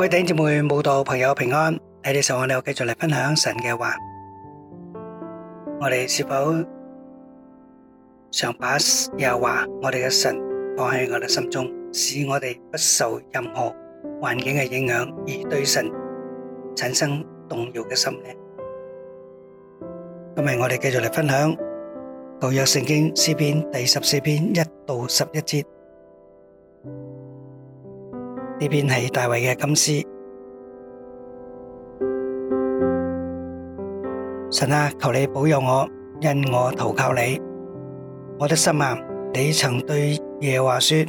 各位弟兄姊妹、慕道朋友平安，喺呢度我哋又繼續嚟分享神嘅話。我哋是否常把耶和華我哋嘅神放喺我哋心中，使我哋不受任何環境嘅影響而對神產生動搖嘅心呢？今日我哋繼續嚟分享舊約聖經詩篇第十四篇一到十一節。呢邊係大衛嘅金詩，神啊，求你保佑我，因我投靠你。我的心啊，你曾對耶和華說：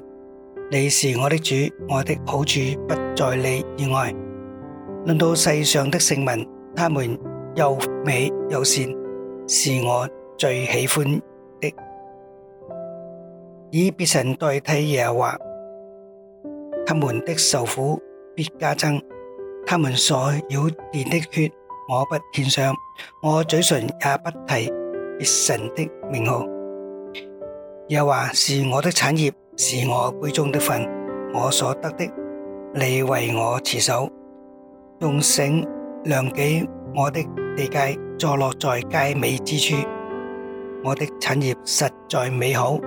你是我的主，我的好處不在你以外。論到世上的聖民，他們又美又善，是我最喜歡的。以別神代替耶和華。他們的受苦必加增，他們所舀奠的血我不獻上，我嘴唇也不提別神的名號。又話是我的產業，是我杯中的份，我所得的你為我持守，用繩量給我的地界，坐落在佳美之處。我的產業實在美好，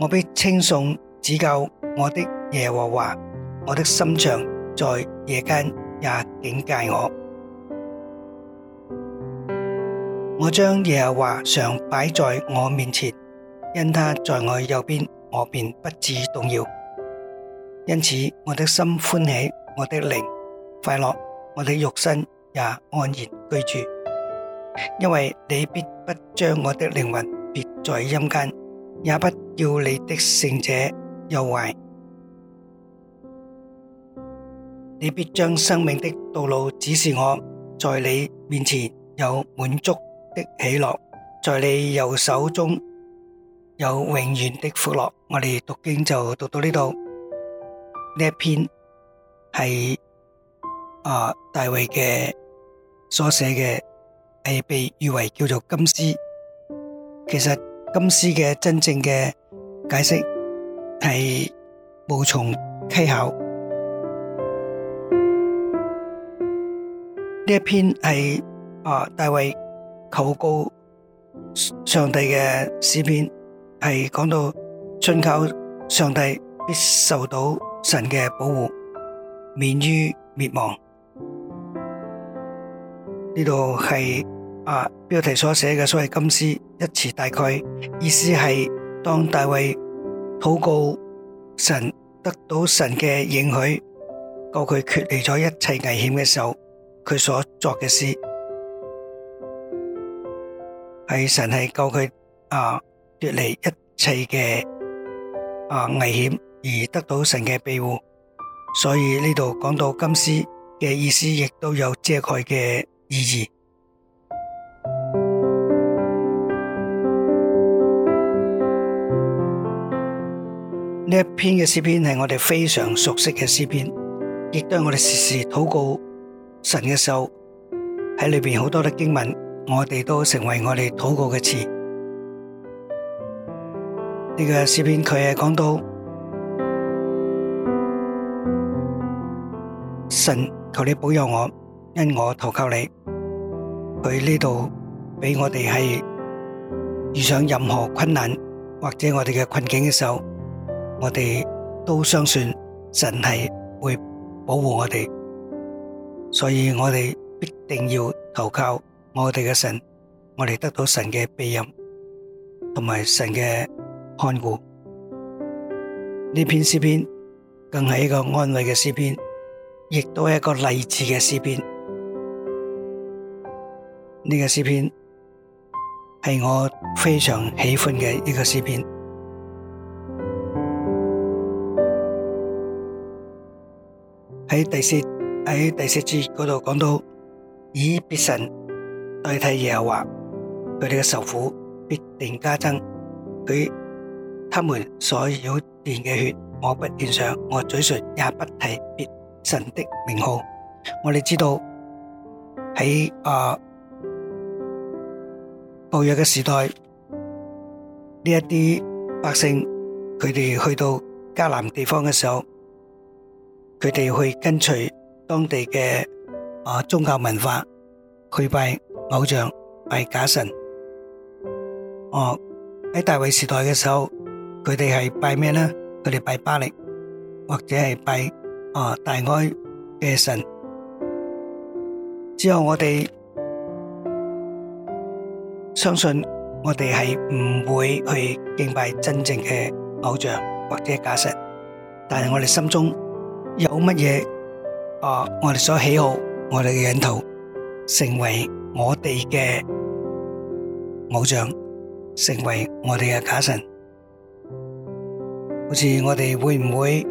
我必稱頌指教。我的耶和華，我的心腸在夜間也警戒我。我將耶和華常擺在我面前，因他在我右邊，我便不致動搖。因此我的心歡喜，我的靈快樂，我的肉身也安然居住。因為你必不將我的靈魂別在陰間，也不叫你的聖者又壞你必將生命的道路指示我，在你面前有滿足的喜樂，在你右手中有永遠的福樂。我哋讀經就讀到呢度。呢一篇，係啊大衛嘅所寫嘅，係被譽為叫做金詩。其實金詩嘅真正嘅解釋係無從稽考。呢一篇係啊，大衛求告上帝嘅詩篇，係講到信靠上帝必受到神嘅保護，免於滅亡。呢度係啊標題所寫嘅所謂金絲一詞，大概意思係當大衛禱告神得到神嘅允許，告佢脱離咗一切危險嘅時候。佢所作嘅詩，係神係救佢啊，脱離一切嘅啊危險而得到神嘅庇護，所以呢度講到金詩嘅意思，亦都有遮蓋嘅意義。呢一篇嘅詩篇係我哋非常熟悉嘅詩篇，亦都係我哋時時禱告。神嘅手喺裏面好多的經文，我哋都成為我哋禱告嘅詞。呢個詩篇佢係講到神，求你保佑我，因我投靠你。佢呢度俾我哋係遇上任何困難或者我哋嘅困境嘅時候，我哋都相信神係會保護我哋。所以我哋必定要投靠我哋嘅神，我哋得到神嘅庇佑，同埋神嘅看顧。呢篇詩篇更係一個安慰嘅詩篇，亦都係一個勵志嘅詩篇。呢、這個詩篇係我非常喜歡嘅一個詩篇。喺第四。喺第四節嗰度講到，以別神代替耶和華，佢哋嘅受苦必定加增。佢他們所澆奠嘅血，我不獻上，我嘴唇也不提別神的名號。我哋知道喺啊，暴虐嘅時代，呢一啲百姓，佢哋去到迦南地方嘅時候，佢哋會跟隨。當地嘅啊宗教文化，佢拜偶像拜假神。哦，喺大衛時代嘅時候，佢哋係拜咩呢？佢哋拜巴力或者係拜啊大愛嘅神。之後我哋相信我哋係唔會去敬拜真正嘅偶像或者假神，但係我哋心中有乜嘢？啊！我哋所喜好，我哋嘅癮頭，成為我哋嘅偶像，成為我哋嘅假神。好似我哋會唔會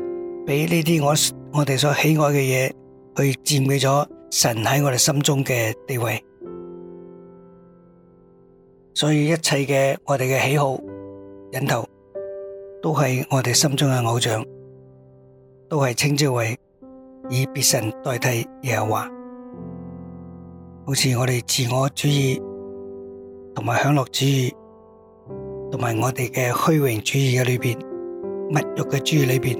俾呢啲我我哋所喜愛嘅嘢去佔據咗神喺我哋心中嘅地位？所以一切嘅我哋嘅喜好、癮頭，都係我哋心中嘅偶像，都係稱之為。以別神代替耶和華，好似我哋自我主義同埋享樂主義，同埋我哋嘅虛榮主義嘅裏邊，物欲嘅主義裏邊，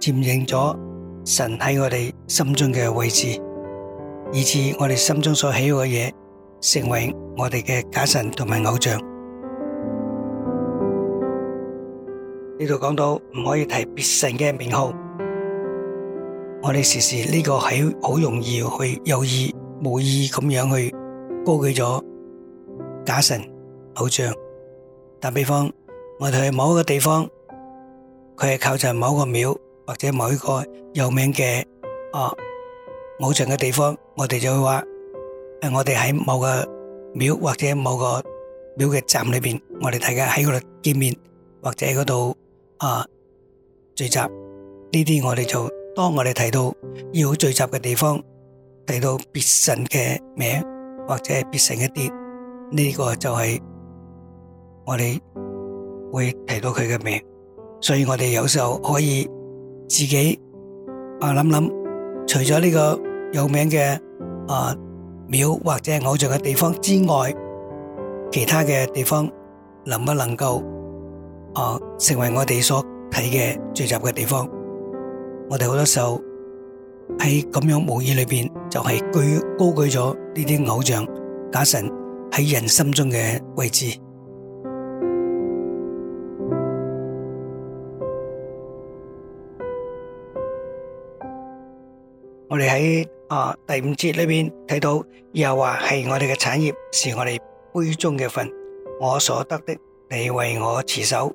佔領咗神喺我哋心中嘅位置，以致我哋心中所喜愛嘅嘢，成為我哋嘅假神同埋偶像。呢度講到唔可以提別神嘅名號。我哋時時呢個係好容易去有意無意咁樣去高舉咗假神偶像。打比方，我哋去某一個地方，佢係靠近某一個廟或者某一個有名嘅啊偶像嘅地方，我哋就會話：誒，我哋喺某個廟或者某個廟嘅站裏邊，我哋大家喺嗰度見面或者嗰度啊聚集。呢啲我哋就。當我哋提到要聚集嘅地方，提到別神嘅名或者別神一啲，呢個就係我哋會提到佢嘅名。所以我哋有時候可以自己啊諗諗，除咗呢個有名嘅啊廟或者偶像嘅地方之外，其他嘅地方能不能夠啊成為我哋所睇嘅聚集嘅地方？我哋好多時候喺咁樣模擬裏邊，就係高舉咗呢啲偶像假神喺人心中嘅位置。我哋喺啊第五節裏面睇到，又話係我哋嘅產業，是我哋杯中嘅份，我所得的，你為我持守。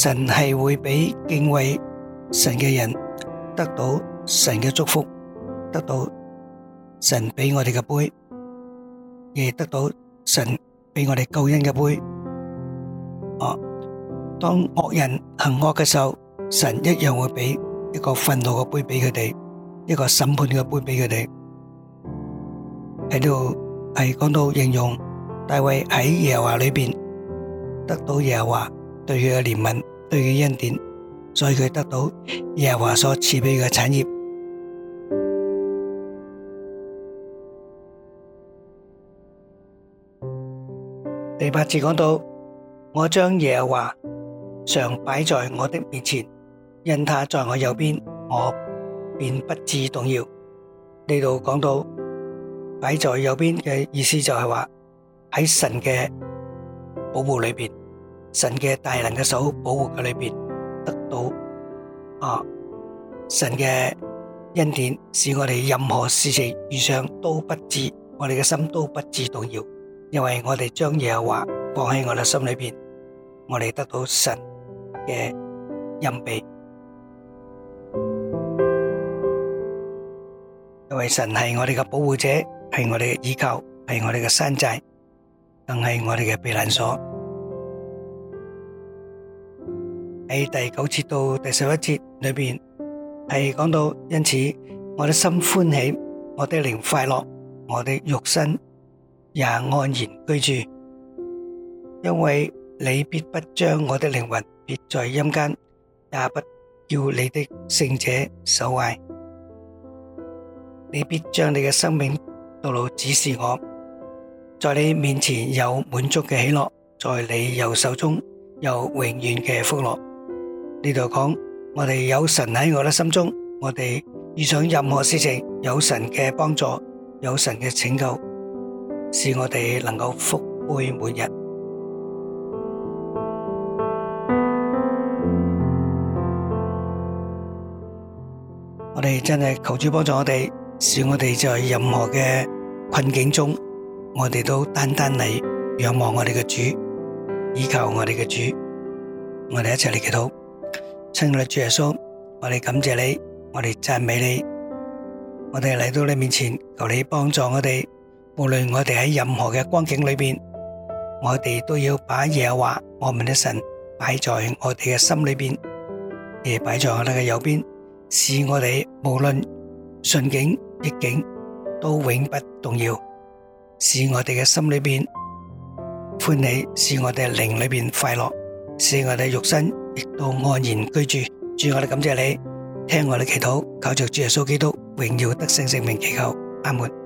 神係會俾敬畏神嘅人得到神嘅祝福，得到神俾我哋嘅杯，亦得到神俾我哋救恩嘅杯。哦，當惡人行惡嘅時候，神一樣會俾一個憤怒嘅杯俾佢哋，一個審判嘅杯俾佢哋。喺度係講到形容大衛喺耶和華裏邊得到耶和華。對佢嘅憐憫，對佢恩典，所以佢得到耶和華所賜俾嘅產業。第八節講到，我將耶和華常擺在我的面前，因他在我右邊，我便不至動搖。呢度講到擺在右邊嘅意思就係話喺神嘅保護裏邊。神嘅大能嘅手保護佢裏邊，得到啊神嘅恩典，使我哋任何事情遇上都不致，我哋嘅心都不致動搖，因為我哋將耶和華放喺我哋心裏邊，我哋得到神嘅恩庇，因為神係我哋嘅保護者，係我哋嘅依靠，係我哋嘅山寨，更係我哋嘅避難所。喺第九節到第十一節裏邊，係講到，因此，我的心歡喜，我的靈快樂，我的肉身也安然居住，因為你必不將我的靈魂撇在陰間，也不叫你的聖者朽壞，你必將你嘅生命道路指示我，在你面前有滿足嘅喜樂，在你右手中有永遠嘅福樂。呢度講，我哋有神喺我哋心中，我哋遇上任何事情，有神嘅幫助，有神嘅拯救，使我哋能夠福杯滿溢。我哋真係求主幫助我哋，使我哋在任何嘅困境中，我哋都單單嚟仰望我哋嘅主，依靠我哋嘅主。我哋一齊嚟祈禱。親愛嘅主耶穌，我哋感謝你，我哋讚美你，我哋嚟到你面前，求你幫助我哋。無論我哋喺任何嘅光景裏邊，我哋都要把耶和華我們的神擺在我哋嘅心裏邊，亦擺在我哋嘅右邊，使我哋無論順境逆境都永不動搖，使我哋嘅心裏邊歡喜，使我哋靈裏邊快樂，使我哋肉身。亦都安然居住，主我哋感謝你，聽我哋祈禱，靠着主耶穌基督榮耀得勝聖名祈求，阿門。